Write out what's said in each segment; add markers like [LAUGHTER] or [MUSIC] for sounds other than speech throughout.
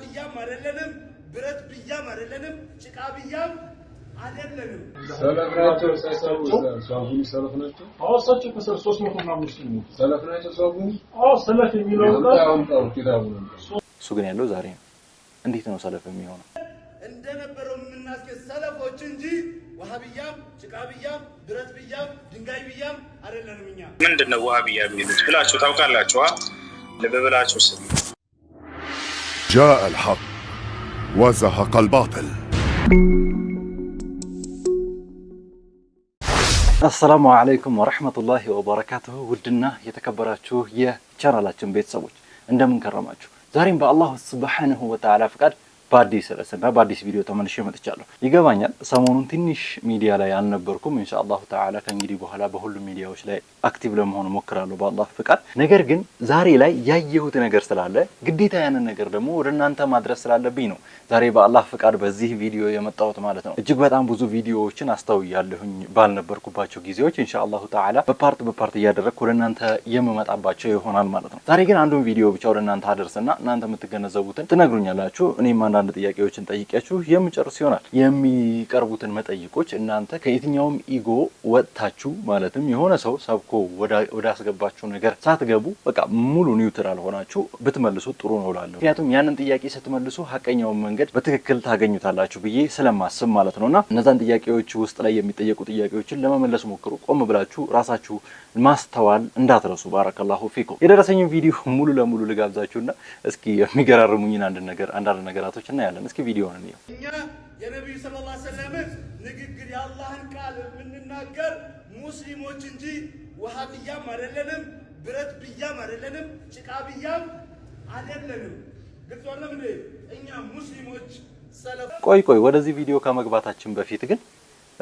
ብያም አይደለንም፣ ብረት ብያም አይደለንም፣ ጭቃ ብያም አይደለንም። ሰለፍ ናቸው ሰለፍ ናቸው። አዎ እሳቸው ሦስት መቶ ምናምን ሰለፍ ናቸው። አዎ ሰለፍ የሚለው እሱ ግን ያለው ዛሬ ነው። እንዴት ነው ሰለፍ የሚሆነው? እንደነበረው የምናስገ ሰለፎች እንጂ ዋሃብያም ጭቃብያም፣ ብያም ድንጋይብያም አይደለንም። እኛ ምንድን ነው ዋሃብያ የሚሉት ብላችሁ ታውቃላችሁ? ልብ ብላችሁ ስሙ። جاء الحق وزهق الباطل السلام عليكم ورحمة الله وبركاته ودنا بيت የቻናላችን عندما نكرماتشو زارين بأ الله سبحانه وتعالى فقد በአዲስ ርዕስ እና በአዲስ ቪዲዮ ተመልሼ መጥቻለሁ። ይገባኛል ሰሞኑን ትንሽ ሚዲያ ላይ አልነበርኩም። ኢንሻ አላሁ ተዓላ ከእንግዲህ በኋላ በሁሉም ሚዲያዎች ላይ አክቲቭ ለመሆን ሞክራለሁ በአላህ ፍቃድ። ነገር ግን ዛሬ ላይ ያየሁት ነገር ስላለ ግዴታ ያንን ነገር ደግሞ ወደ እናንተ ማድረስ ስላለብኝ ነው ዛሬ በአላህ ፍቃድ በዚህ ቪዲዮ የመጣሁት ማለት ነው። እጅግ በጣም ብዙ ቪዲዮዎችን አስታውያለሁኝ ባልነበርኩባቸው ጊዜዎች ኢንሻ አላሁ ተዓላ በፓርት በፓርት እያደረግኩ ወደ እናንተ የምመጣባቸው ይሆናል ማለት ነው። ዛሬ ግን አንዱን ቪዲዮ ብቻ ወደ እናንተ አደርስና እናንተ የምትገነዘቡትን ትነግሩኛላችሁ እኔም አንዳንድ ጥያቄዎችን ጠይቂያችሁ የምጨርስ ይሆናል። የሚቀርቡትን መጠይቆች እናንተ ከየትኛውም ኢጎ ወጥታችሁ ማለትም የሆነ ሰው ሰብኮ ወዳስገባችሁ ነገር ሳትገቡ በቃ ሙሉ ኒውትራል ሆናችሁ ብትመልሱ ጥሩ ነው እላለሁ። ምክንያቱም ያንን ጥያቄ ስትመልሱ ሀቀኛውን መንገድ በትክክል ታገኙታላችሁ ብዬ ስለማስብ ማለት ነው እና እነዛን ጥያቄዎች ውስጥ ላይ የሚጠየቁ ጥያቄዎችን ለመመለስ ሞክሩ። ቆም ብላችሁ ራሳችሁ ማስተዋል እንዳትረሱ። ባረከላሁ ፊኩም። የደረሰኝ ቪዲዮ ሙሉ ለሙሉ ልጋብዛችሁና እስኪ የሚገራርሙኝን አንድ ነገር አንዳንድ ነገራቶች እናያለን። እስኪ ቪዲዮውን እንየው። እኛ የነቢዩ ሰለላሁ ዐለይሂ ንግግር የአላህን ቃል የምንናገር ሙስሊሞች እንጂ ውሃ ብያም አይደለንም፣ ብረት ብያም አይደለንም፣ ጭቃ ብያም አይደለንም። ግልጽ እኛ ሙስሊሞች ቆይ ቆይ፣ ወደዚህ ቪዲዮ ከመግባታችን በፊት ግን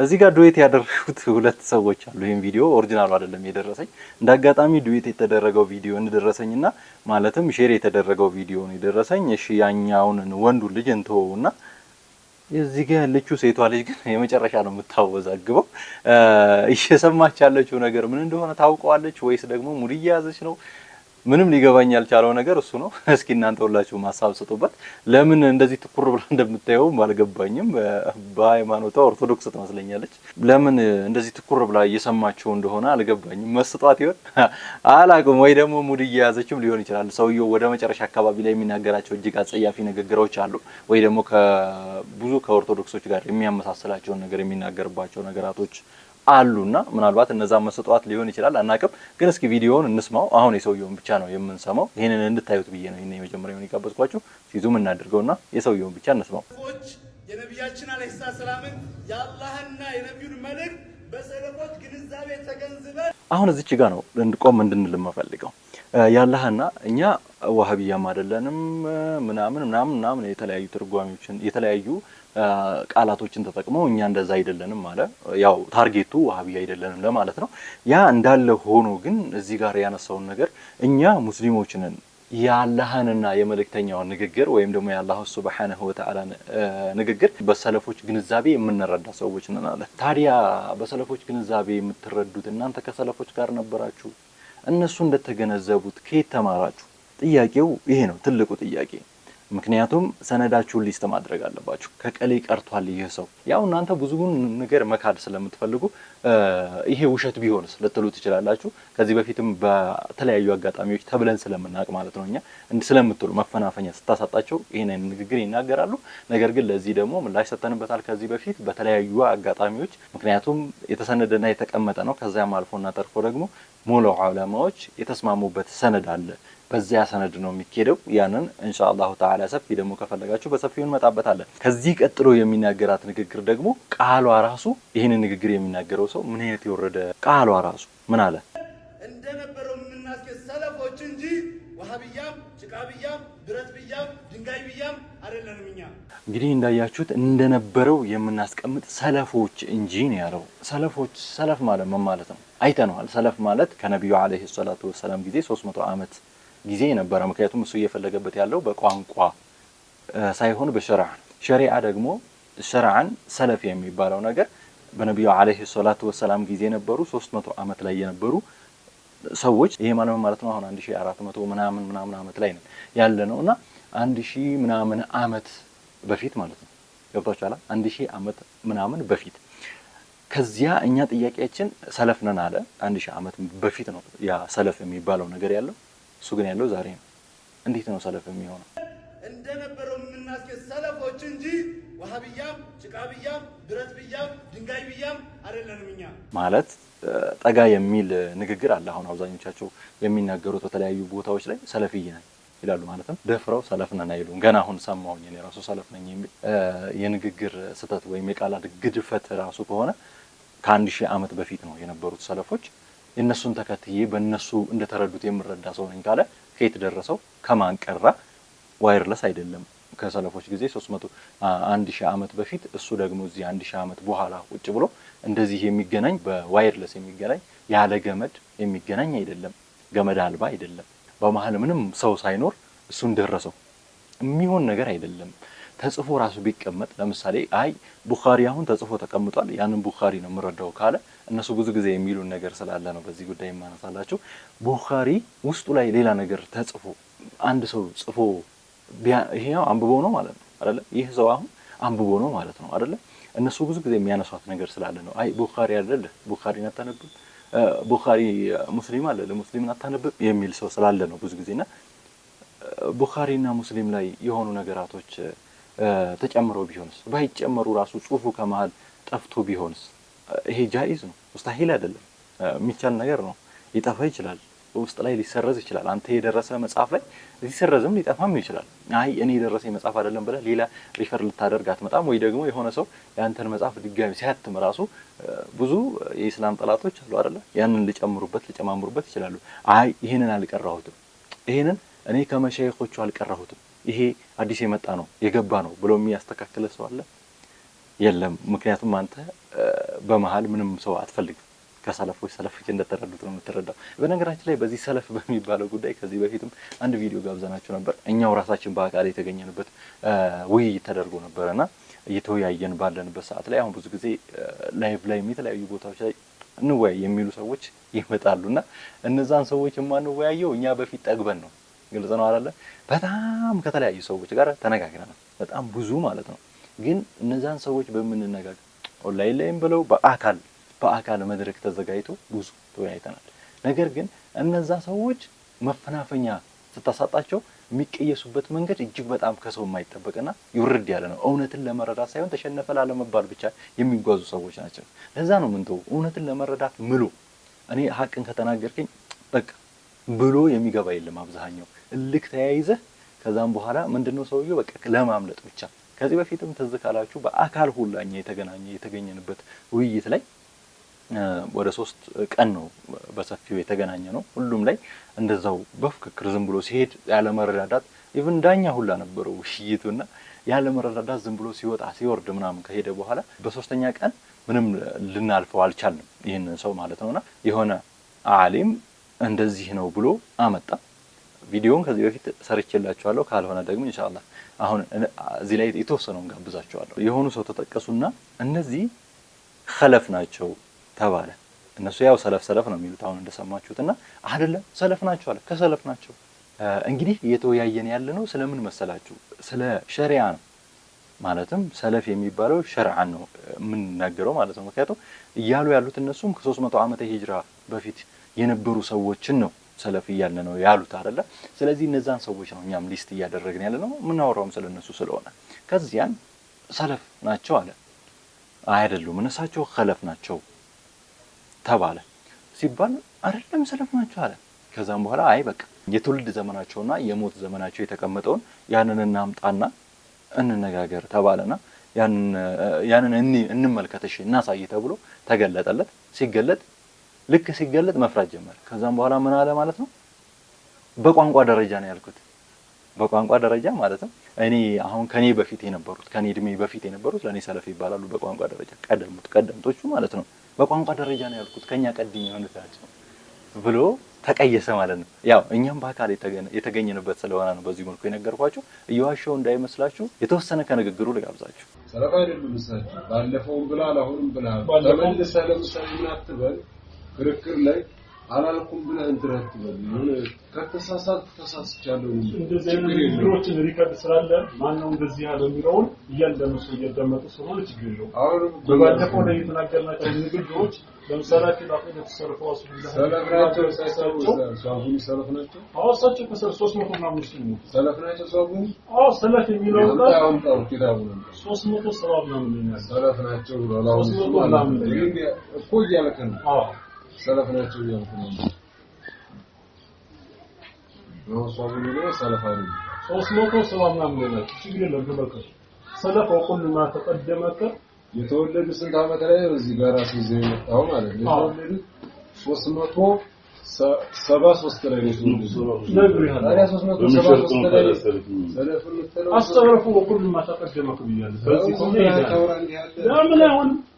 እዚህ ጋር ዱዌት ያደረጉት ሁለት ሰዎች አሉ። ይህም ቪዲዮ ኦሪጂናሉ አይደለም የደረሰኝ፣ እንደ አጋጣሚ ዱዌት የተደረገው ቪዲዮ እንደደረሰኝ እና ማለትም ሼር የተደረገው ቪዲዮ ነው የደረሰኝ። እሺ ያኛውን ወንዱ ልጅ እንተወውና እዚህ ጋር ያለችው ሴቷ ልጅ ግን የመጨረሻ ነው የምታወዛግበው። እየሰማች ያለችው ነገር ምን እንደሆነ ታውቀዋለች ወይስ ደግሞ ሙድ እየያዘች ነው? ምንም ሊገባኝ ያልቻለው ነገር እሱ ነው። [LAUGHS] እስኪ እናንተ ሁላችሁ ማሳብ ስጡበት። ለምን እንደዚህ ትኩር ብላ እንደምታየውም አልገባኝም። በሃይማኖቷ ኦርቶዶክስ ትመስለኛለች። ለምን እንደዚህ ትኩር ብላ እየሰማችሁ እንደሆነ አልገባኝም። መስጧት ይሆን [LAUGHS] አላቅም፣ ወይ ደግሞ ሙድ እየያዘችም ሊሆን ይችላል። ሰውየው ወደ መጨረሻ አካባቢ ላይ የሚናገራቸው እጅግ አጸያፊ ንግግሮች አሉ፣ ወይ ደግሞ ከብዙ ከኦርቶዶክሶች ጋር የሚያመሳስላቸውን ነገር የሚናገርባቸው ነገራቶች አሉና ምናልባት እነዛ መስጠዋት ሊሆን ይችላል አናቅም። ግን እስኪ ቪዲዮውን እንስማው። አሁን የሰውየውን ብቻ ነው የምንሰማው። ይህንን እንድታዩት ብዬ ነው ይህን የመጀመሪያውን የጋበዝኳችሁ። ሲዙም እናድርገውና የሰውየውን ብቻ እንስማው። የነቢያችን አለይሳ ሰላምን የአላህና የነቢዩን መልእክት በሰለፎች ግንዛቤ ተገንዝበን አሁን እዚች ጋ ነው እንድቆም እንድንል የምፈልገው ያላህና እኛ ዋህብያም አይደለንም ምናምን ምናምን ምናምን የተለያዩ ትርጓሚዎችን የተለያዩ ቃላቶችን ተጠቅመው እኛ እንደዛ አይደለንም አለ። ያው ታርጌቱ ዋሃቢ አይደለንም ለማለት ነው። ያ እንዳለ ሆኖ ግን እዚህ ጋር ያነሳውን ነገር እኛ ሙስሊሞች ነን የአላህንና የመልእክተኛውን ንግግር ወይም ደግሞ የአላህ ሱብሓነሁ ወተዓላ ንግግር በሰለፎች ግንዛቤ የምንረዳ ሰዎች ነን አለ። ታዲያ በሰለፎች ግንዛቤ የምትረዱት እናንተ ከሰለፎች ጋር ነበራችሁ? እነሱ እንደተገነዘቡት ከየት ተማራችሁ? ጥያቄው ይሄ ነው፣ ትልቁ ጥያቄ ምክንያቱም ሰነዳችሁን ሊስት ማድረግ አለባችሁ። ከቀሌ ቀርቷል ይህ ሰው ያው እናንተ ብዙ ነገር መካድ ስለምትፈልጉ ይሄ ውሸት ቢሆንስ ልትሉ ትችላላችሁ። ከዚህ በፊትም በተለያዩ አጋጣሚዎች ተብለን ስለምናውቅ ማለት ነው እኛ ስለምትሉ መፈናፈኛ ስታሳጣቸው ይህንን ንግግር ይናገራሉ። ነገር ግን ለዚህ ደግሞ ምላሽ ሰተንበታል ከዚህ በፊት በተለያዩ አጋጣሚዎች። ምክንያቱም የተሰነደና የተቀመጠ ነው። ከዚያም አልፎና ተርፎ ደግሞ ሙሉ ዓላማዎች የተስማሙበት ሰነድ አለ በዚያ ሰነድ ነው የሚካሄደው። ያንን እንሻ አላሁ ተዓላ ሰፊ ደግሞ ከፈለጋችሁ በሰፊው እንመጣበታለን። ከዚህ ቀጥሎ የሚናገራት ንግግር ደግሞ ቃሏ ራሱ ይህንን ንግግር የሚናገረው ሰው ምን አይነት የወረደ ቃሏ ራሱ ምን አለ እንደነበረው የምናስኬድ ሰለፎች እንጂ ውሃብያም ጭቃብያም ብያም ብረት ብያም ድንጋይ ብያም አይደለንም። እኛ እንግዲህ እንዳያችሁት እንደነበረው የምናስቀምጥ ሰለፎች እንጂ ነው ያለው። ሰለፎች ሰለፍ ማለት ምን ማለት ነው? አይተነዋል። ሰለፍ ማለት ከነቢዩ አለይሂ ሰላቱ ወሰላም ጊዜ 300 ዓመት ጊዜ ነበረ። ምክንያቱም እሱ እየፈለገበት ያለው በቋንቋ ሳይሆን በሸርዓ ሸሪዓ ደግሞ ሸርዓን ሰለፍ የሚባለው ነገር በነቢዩ አለይሂ ሰላቱ ወሰላም ጊዜ የነበሩ 300 ዓመት ላይ የነበሩ ሰዎች ይሄ ማለት ማለት ነው አሁን 1400 ምናምን ምናምን ዓመት ላይ ነው ያለ ነው እና አንድ ሺህ ምናምን ዓመት በፊት ማለት ነው ገብቷችኋል። አንድ ዓመት ምናምን በፊት ከዚያ እኛ ጥያቄያችን ሰለፍ ነን አለ። 1000 ዓመት በፊት ነው ያ ሰለፍ የሚባለው ነገር ያለው እሱ ግን ያለው ዛሬ ነው። እንዴት ነው ሰለፍ የሚሆነው? እንደነበረው የምናስኬድ ሰለፎች እንጂ ዋሃብያም፣ ጭቃብያም፣ ብረት ብያም፣ ድንጋይ ብያም አይደለንም እኛ ማለት ጠጋ የሚል ንግግር አለ። አሁን አብዛኞቻቸው የሚናገሩት በተለያዩ ቦታዎች ላይ ሰለፍይ ነን ይላሉ። ማለትም ደፍረው ሰለፍ ነን አይሉም። ገና አሁን ሰማሁኝ እኔ ራሱ ሰለፍ ነኝ የሚል የንግግር ስህተት ወይም የቃላት ግድፈት ራሱ ከሆነ ከአንድ ሺህ ዓመት በፊት ነው የነበሩት ሰለፎች የእነሱን ተከትዬ በእነሱ እንደተረዱት የምረዳ ሰው ነኝ ካለ ከየት ደረሰው? ከማን ቀራ? ዋይርለስ አይደለም። ከሰለፎች ጊዜ 300 አንድ ሺህ ዓመት በፊት እሱ ደግሞ እዚህ አንድ ሺህ ዓመት በኋላ ቁጭ ብሎ እንደዚህ የሚገናኝ በዋይርለስ የሚገናኝ ያለ ገመድ የሚገናኝ አይደለም። ገመድ አልባ አይደለም። በመሀል ምንም ሰው ሳይኖር እሱን ደረሰው የሚሆን ነገር አይደለም። ተጽፎ ራሱ ቢቀመጥ ለምሳሌ አይ ቡኻሪ አሁን ተጽፎ ተቀምጧል፣ ያንን ቡኻሪ ነው የምረዳው ካለ እነሱ ብዙ ጊዜ የሚሉን ነገር ስላለ ነው በዚህ ጉዳይ የማነሳላቸው። ቡኻሪ ውስጡ ላይ ሌላ ነገር ተጽፎ አንድ ሰው ጽፎ ይሄው አንብቦ ነው ማለት ነው አይደለ? ይህ ሰው አሁን አንብቦ ነው ማለት ነው አይደለ? እነሱ ብዙ ጊዜ የሚያነሷት ነገር ስላለ ነው። አይ ቡኻሪ አይደለ ቡኻሪ አታነብም፣ ቡኻሪ ሙስሊም አለ ለሙስሊም አታነብም የሚል ሰው ስላለ ነው ብዙ ጊዜና ቡኻሪና ሙስሊም ላይ የሆኑ ነገራቶች ተጨምሮ ቢሆንስ? ባይጨመሩ ራሱ ጽሁፉ ከመሀል ጠፍቶ ቢሆንስ? ይሄ ጃኢዝ ነው፣ ሙስታሂል አይደለም። የሚቻል ነገር ነው። ሊጠፋ ይችላል፣ ውስጥ ላይ ሊሰረዝ ይችላል። አንተ የደረሰ መጽሐፍ ላይ ሊሰረዝም ሊጠፋም ይችላል። አይ እኔ የደረሰ መጽሐፍ አይደለም ብለህ ሌላ ሪፈር ልታደርግ አትመጣም። ወይ ደግሞ የሆነ ሰው የአንተን መጽሐፍ ድጋሚ ሲያትም ራሱ ብዙ የኢስላም ጠላቶች አሉ አይደለ? ያንን ሊጨምሩበት ሊጨማምሩበት ይችላሉ። አይ ይህንን አልቀራሁትም፣ ይህንን እኔ ከመሸይኮቹ አልቀራሁትም ይሄ አዲስ የመጣ ነው የገባ ነው ብሎ የሚያስተካክለ ሰው አለ? የለም። ምክንያቱም አንተ በመሀል ምንም ሰው አትፈልግም። ከሰለፎች ሰለፎች እንደተረዱት ነው የምትረዳው። በነገራችን ላይ በዚህ ሰለፍ [LAUGHS] በሚባለው ጉዳይ ከዚህ በፊትም አንድ ቪዲዮ ጋብዘናችሁ ነበር። እኛው ራሳችን በአካል የተገኘንበት ውይይት ተደርጎ ነበረ እና እየተወያየን ባለንበት ሰዓት ላይ አሁን ብዙ ጊዜ ላይቭ ላይ የተለያዩ ቦታዎች ላይ እንወያይ የሚሉ ሰዎች ይመጣሉ እና እነዛን ሰዎች የማንወያየው እኛ በፊት ጠግበን ነው ግልጽ ነው አይደለ? በጣም ከተለያዩ ሰዎች ጋር ተነጋግረናል። በጣም ብዙ ማለት ነው። ግን እነዛን ሰዎች በምንነጋገር ኦንላይን ላይም ብለው በአካል በአካል መድረክ ተዘጋጅቶ ብዙ ተወያይተናል። ነገር ግን እነዛ ሰዎች መፈናፈኛ ስታሳጣቸው የሚቀየሱበት መንገድ እጅግ በጣም ከሰው የማይጠበቅና ይውርድ ያለ ነው። እውነትን ለመረዳት ሳይሆን ተሸነፈ ላለመባል ብቻ የሚጓዙ ሰዎች ናቸው። ለዛ ነው ምንተው እውነትን ለመረዳት ምሎ እኔ ሀቅን ከተናገርከኝ በቃ ብሎ የሚገባ የለም። አብዛኛው እልክ ተያይዘህ ከዛም በኋላ ምንድነው ሰውዬው በቃ ለማምለጥ ብቻ። ከዚህ በፊትም ትዝ ካላችሁ በአካል ሁላኛ የተገናኘ የተገኘንበት ውይይት ላይ ወደ ሶስት ቀን ነው በሰፊው የተገናኘ ነው። ሁሉም ላይ እንደዛው በፍክክር ዝም ብሎ ሲሄድ ያለ መረዳዳት ኢቭን ዳኛ ሁላ ነበረው ውይይቱና ያለ መረዳዳት ዝም ብሎ ሲወጣ ሲወርድ ምናምን ከሄደ በኋላ በሶስተኛ ቀን ምንም ልናልፈው አልቻለም ይህንን ሰው ማለት ነውና የሆነ አሊም እንደዚህ ነው ብሎ አመጣ። ቪዲዮውን ከዚህ በፊት ሰርቼላችኋለሁ። ካልሆነ ደግሞ እንሻላ አሁን እዚህ ላይ የተወሰነውን ጋብዛችኋለሁ። የሆኑ ሰው ተጠቀሱና እነዚህ ኸለፍ ናቸው ተባለ። እነሱ ያው ሰለፍ ሰለፍ ነው የሚሉት አሁን እንደሰማችሁት እና አይደለም ሰለፍ ናቸው አለ። ከሰለፍ ናቸው እንግዲህ እየተወያየን ያለ ነው። ስለምን መሰላችሁ? ስለ ሸሪያ ነው። ማለትም ሰለፍ የሚባለው ሸርዓን ነው የምንናገረው ማለት ነው። ምክንያቱም እያሉ ያሉት እነሱም ከሶስት መቶ ዓመተ ሂጅራ በፊት የነበሩ ሰዎችን ነው ሰለፍ እያለ ነው ያሉት አይደለ? ስለዚህ እነዛን ሰዎች ነው እኛም ሊስት እያደረግን ያለ ነው የምናወራውም ስለ እነሱ ስለሆነ ከዚያን ሰለፍ ናቸው አለ አይደሉም፣ እነሳቸው ከለፍ ናቸው ተባለ ሲባል አይደለም ሰለፍ ናቸው አለ። ከዛም በኋላ አይ በቃ የትውልድ ዘመናቸውና የሞት ዘመናቸው የተቀመጠውን ያንን እናምጣና እንነጋገር ተባለና ያንን እንመልከተሽ እናሳይ ተብሎ ተገለጠለት ሲገለጥ ልክ ሲገለጥ መፍራት ጀመረ። ከዛም በኋላ ምን አለ ማለት ነው፣ በቋንቋ ደረጃ ነው ያልኩት። በቋንቋ ደረጃ ማለት ነው እኔ አሁን ከኔ በፊት የነበሩት ከኔ እድሜ በፊት የነበሩት ለእኔ ሰለፍ ይባላሉ። በቋንቋ ደረጃ ቀደምት ቀደምቶቹ ማለት ነው። በቋንቋ ደረጃ ነው ያልኩት፣ ከኛ ቀድኝ የሆኑት ብሎ ተቀየሰ ማለት ነው። ያው እኛም በአካል የተገኘንበት ስለሆነ ነው በዚህ መልኩ የነገርኳችሁ። እየዋሸው እንዳይመስላችሁ የተወሰነ ከንግግሩ ልጋብዛችሁ። ሰለፍ አይደሉም እሳቸው ባለፈውም ብላል አሁንም ብላል ተመልሰ ለምሳሌ ምን አትበል ክርክር ላይ አላልኩም ብለህ እንትረት አትበል። ምን ከተሳሳትኩ ተሳስቻለሁ እንጂ እንደዚህ አይነት ነገሮችን ሪከርድ ስላለ ነው እንደዚህ ያለ የሚለውን እያንዳንዱ ሰው ስለሆነ ችግር የለውም። አሁን በባለፈው ላይ የተናገርናቸው ንግግሮች ለምሳሌ ከጣቁ የተሰረፈው አሱ ሰለፍናቸው ሳይሰሩ ሰለፍ ናቸው። አዎ እሳቸው ከሰር 300 ምናምን ሰለፍ ናቸው ሷቡን። አዎ ሰለፍ የሚለው ቃል ኪታቡ ነው 370 ምናምን ሰለፍ ናቸው። ላላው እኮ እያለቀ ነው። አዎ ሰለፍ ናቸው እያልኩ ነው። ነው ሰለፍ ሶስት መቶ ሰባ ምናምን ነው። ችግር የለም ሰለፍ ወቁል ማ ተቀደመከ የተወለዱ ስንት ዓመት ላይ እዚህ ጋር አስይዘ የመጣው ማለት ነው። የተወለዱ ሰባ ሶስት ላይ ነው ታዲያ ሶስት መቶ ሰባ ሶስት ላይ ሰለፍ የምትለው አስተረፉ ወቁል ማ ተቀደመከ ብያለሁ። ለምን አይሆንም?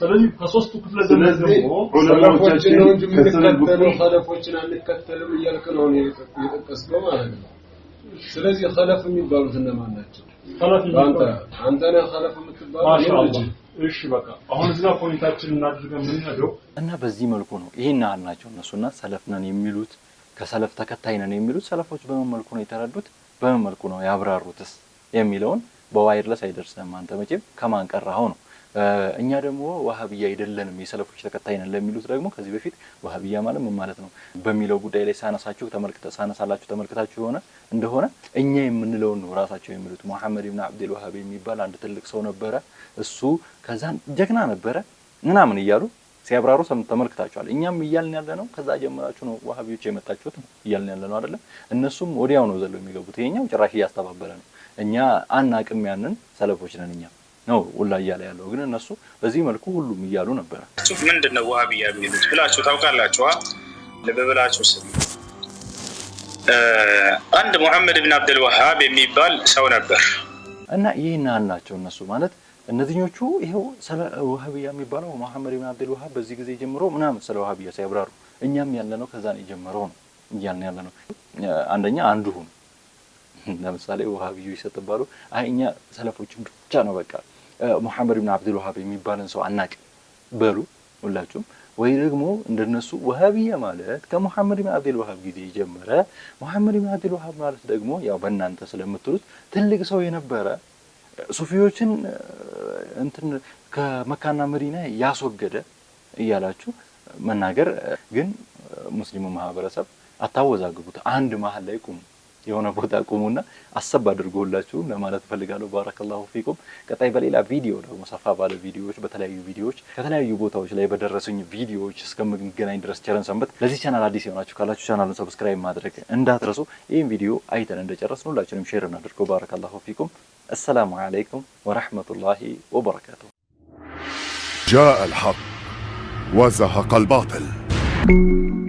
ስለዚህ ከሶስቱ ክፍለ ዘመን ደግሞ ሰለፎችን ነው እንጂ የምንከተለው ሰለፎችን አንከተልም እያልክ ነው የጠቀስከው ማለት ነው። ስለዚህ ኸለፍ የሚባሉት እነማን ናቸው? አንተ አንተ ነህ ኸለፍ የምትባለው። እሺ በቃ አሁን እዚህ ፖይንታችን እናድርገን የምንሄደው እና በዚህ መልኩ ነው። ይሄን ያህል ናቸው እነሱና ሰለፍ ነን የሚሉት ከሰለፍ ተከታይ ነን የሚሉት ሰለፎች በምን መልኩ ነው የተረዱት? በምን መልኩ ነው ያብራሩትስ? የሚለውን በዋይርለስ አይደርስም። አንተ መቼም ከማን ቀራኸው ነው እኛ ደግሞ ዋህብያ አይደለንም የሰለፎች ተከታይ ነን ለሚሉት ደግሞ ከዚህ በፊት ዋህብያ ማለት ምን ማለት ነው በሚለው ጉዳይ ላይ ሳነሳችሁ ተመልክተ ሳነሳላችሁ ተመልክታችሁ የሆነ እንደሆነ እኛ የምንለውን ነው ራሳቸው የሚሉት። መሐመድ ብን አብዱል ዋሃብ የሚባል አንድ ትልቅ ሰው ነበረ። እሱ ከዛን ጀግና ነበረ ምናምን እያሉ ሲያብራሩ ተመልክታችኋል። እኛም እያልን ያለ ነው ከዛ ጀምራችሁ ነው ዋሀቢዎች የመጣችሁት ነው እያልን ያለ ነው አይደለም። እነሱም ወዲያው ነው ዘለው የሚገቡት። ይሄኛው ጭራሽ እያስተባበለ ነው። እኛ አናቅም ያንን ሰለፎች ነን እኛ ነው ውላ እያለ ያለው ግን እነሱ በዚህ መልኩ ሁሉም እያሉ ነበረ። ሱፍ ምንድን ነው ዋሃብያ የሚሉት ብላችሁ ታውቃላችኋ? ልብብላችሁ ስም አንድ ሙሐመድ ብን አብደልዋሃብ የሚባል ሰው ነበር እና ይህ ናህል ናቸው እነሱ ማለት እነዚኞቹ ይኸው ስለ ውሃብያ የሚባለው መሐመድ ብን አብደልዋሃብ በዚህ ጊዜ ጀምሮ ምናምን ስለ ውሃብያ ሲያብራሩ እኛም ያለ ነው ከዛን የጀመረው ነው እያልን ያለ ነው። አንደኛ አንዱ ሁኑ ለምሳሌ ውሃብዩ ይሰጥባሉ። አይ እኛ ሰለፎችን ብቻ ነው በቃ ሙሐመድ ብን አብዱልዋሃብ የሚባልን ሰው አናቅ በሉ ሁላችሁም። ወይ ደግሞ እንደነሱ ወሃቢየ ማለት ከሙሐመድ ብን አብዱልዋሃብ ጊዜ የጀመረ ሙሐመድ ብን አብዱልዋሃብ ማለት ደግሞ ያው በእናንተ ስለምትሉት ትልቅ ሰው የነበረ ሱፊዎችን እንትን ከመካና መዲና ያስወገደ እያላችሁ መናገር ግን ሙስሊሙ ማህበረሰብ አታወዛግቡት። አንድ መሀል ላይ ቁሙ። የሆነ ቦታ ቁሙና አሰብ አድርጎላችሁ ለማለት እፈልጋለሁ። ባረከላሁ ፊኩም። ቀጣይ በሌላ ቪዲዮ ደግሞ ሰፋ ባለ ቪዲዮዎች፣ በተለያዩ ቪዲዮዎች ከተለያዩ ቦታዎች ላይ በደረሱኝ ቪዲዮዎች እስከምንገናኝ ድረስ ቸረን ሰንበት። ለዚህ ቻናል አዲስ የሆናችሁ ካላችሁ ቻናሉን ሰብስክራይብ ማድረግ እንዳትረሱ። ይህም ቪዲዮ አይተን እንደጨረስን ሁላችንም ሼር እናድርገው። ባረከላሁ ፊኩም። السلام عليكم ورحمة الله وبركاته جاء الحق وزهق الباطل